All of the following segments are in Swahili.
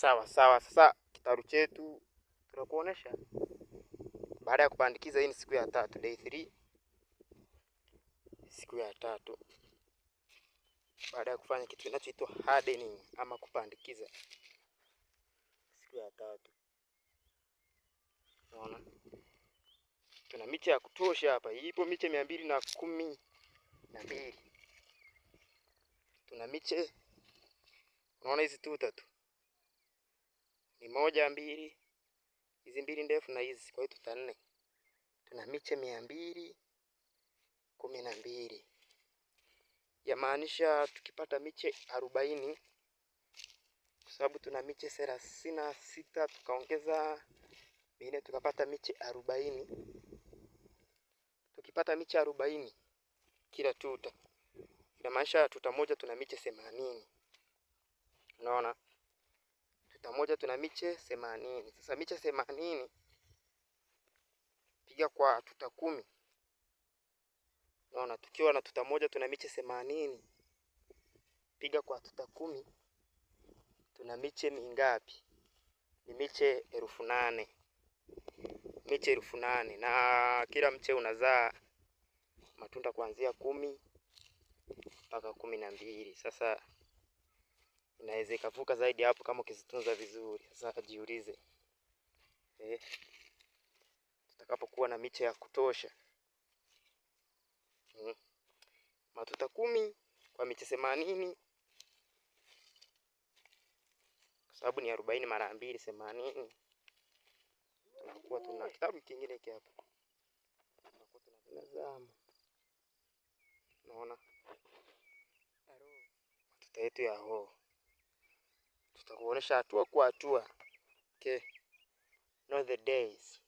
Sawa sawa, sasa kitaru chetu tunakuonesha baada ya kupandikiza. Hii ni siku ya tatu, day 3, siku ya tatu baada ya kufanya kitu kinachoitwa hardening ama kupandikiza, siku ya tatu. Unaona tuna miche ya kutosha hapa, ipo miche mia mbili na kumi na mbili tuna miche, unaona hizi tuta tu ni moja, mbili, hizi mbili ndefu na hizi, kwa hiyo tuta nne. Tuna miche mia mbili kumi na mbili yamaanisha tukipata miche arobaini kwa sababu tuna miche thelathini na sita tukaongeza mingine tukapata miche arobaini Tukipata miche arobaini kila tuta, inamaanisha tuta moja tuna miche themanini. Unaona na moja tuna miche themanini. Sasa miche themanini piga kwa tuta kumi. Naona tukiwa na tuta moja tuna miche themanini piga kwa tuta kumi tuna miche mingapi? Ni miche elfu nane miche elfu nane na kila mche unazaa matunda kuanzia kumi mpaka kumi na mbili. Sasa inaweza ikavuka zaidi hapo kama ukizitunza vizuri. Sasa jiulize eh, tutakapokuwa na miche ya kutosha hmm, matuta kumi kwa miche themanini kwa sababu ni arobaini mara mbili themanini tunakuwa tuna kitabu kingine hiki hapa tunazama, naona matuta yetu ya hoho tutakuonesha hatua kwa hatua. Okay. Know the days.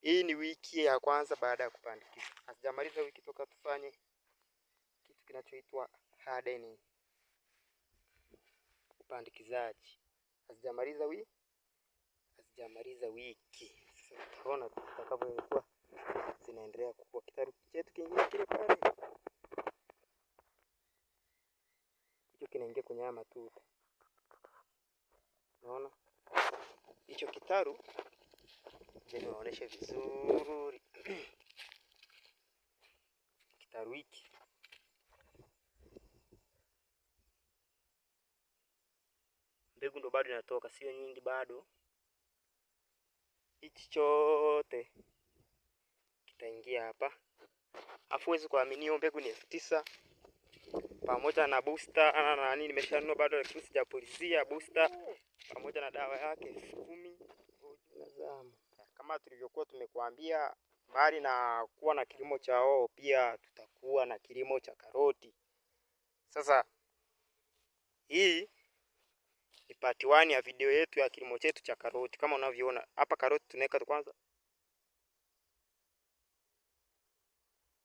Hii ni wiki ya kwanza baada ya kupandikiza. Hatujamaliza wiki toka tufanye kitu kinachoitwa hardening. Upandikizaji. Hatujamaliza wiki. Hatujamaliza wiki. Sasa tutaona tutakavyokuwa zinaendelea kukua. Kitaru chetu kingine kile pale. Hicho kinaingia kwenye matuta. Naona hicho kitaru, je, vizuri kitaru hiki mbegu ndo bado inatoka, sio nyingi bado. Hichi chote kitaingia hapa, afu huwezi kuamini hiyo mbegu ni elfu tisa pamoja na booster ana ah, na nini, nimeshanunua bado, lakini sijapulizia booster pamoja na dawa yake elfu kumi. Kama tulivyokuwa tumekuambia, mbali na kuwa na kilimo cha hoho, pia tutakuwa na kilimo cha karoti. Sasa hii ni part 1 ya video yetu ya kilimo chetu cha karoti. Kama unavyoona hapa, karoti tunaweka kwanza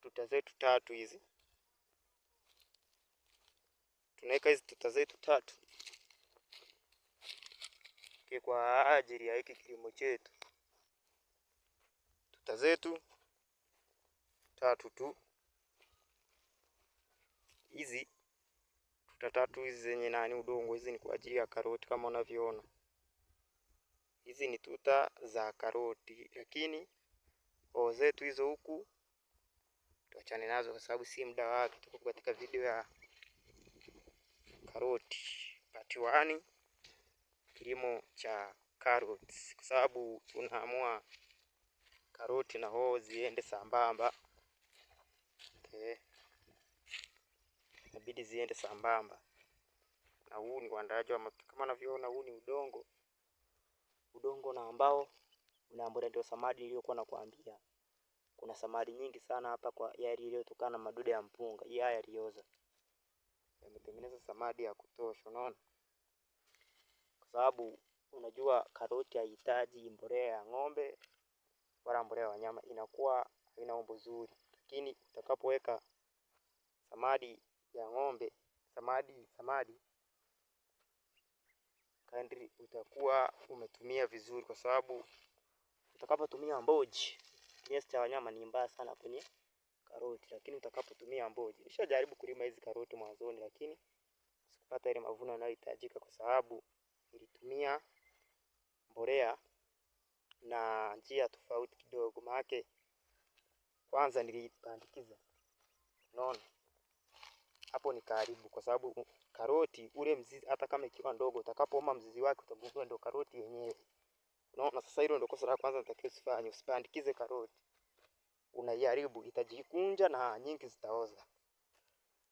tuta zetu tatu hizi tunaweka hizi tuta zetu tatu kwa ajili ya hiki kilimo chetu. Tuta zetu tatu tu hizi tuta tatu hizi zenye nani udongo, hizi ni kwa ajili ya karoti kama unavyoona. Hizi ni tuta za karoti, lakini hoho zetu hizo huku tuachane nazo kwa sababu si muda wake. Tuko katika video ya karoti pati wani, kilimo cha carrots, kwa sababu tunaamua karoti na hoho ziende sambamba okay. Inabidi ziende sambamba na huu ni uandaaji wa kama unavyoona, huu ni udongo udongo na ambao unaambulia ndio samadi iliyokuwa nakwambia. Kuna samadi nyingi sana hapa kwa yari iliyotokana na madude ya mpunga, hii haya yalioza yametengeneza samadi ya kutosha, unaona, kwa sababu unajua karoti haihitaji mbolea ya ng'ombe wala mbolea ya wanyama, inakuwa haina umbo zuri, lakini utakapoweka samadi ya ng'ombe samadi samadi kadri utakuwa umetumia vizuri, kwa sababu utakapotumia mboji kinyesi cha wanyama ni mbaya sana kwenye karoti, lakini utakapotumia mboji. Nishajaribu kulima hizi karoti mwanzoni, lakini sikupata ile mavuno yanayohitajika kwa sababu nilitumia mbolea na njia tofauti kidogo, Maana kwanza nilipandikiza, unaona hapo ni karibu, kwa sababu karoti ule mzizi, hata kama ikiwa ndogo, utakapooma mzizi wake utagundua ndio karoti yenyewe. Unaona, sasa hilo ndio kosa la kwanza natakiwa usifanye, usipandikize karoti unaiharibu itajikunja na nyingi zitaoza,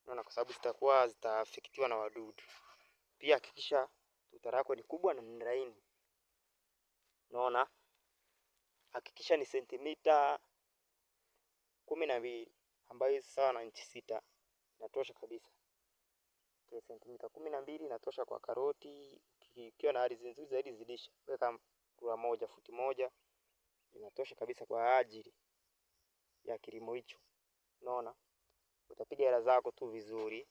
unaona, kwa sababu zitakuwa zitafikitiwa na wadudu. Pia hakikisha tuta lako ni kubwa na ni laini, unaona, hakikisha ni sentimita kumi na mbili ambayo sawa na inchi sita inatosha kabisa. Okay, sentimita kumi na mbili inatosha kwa karoti. Ikiwa na ardhi nzuri zaidi zidisha, weka kura moja futi moja inatosha kabisa kwa ajili ya kilimo hicho. Unaona, utapiga hela zako tu vizuri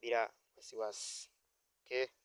bila wasiwasi. Okay.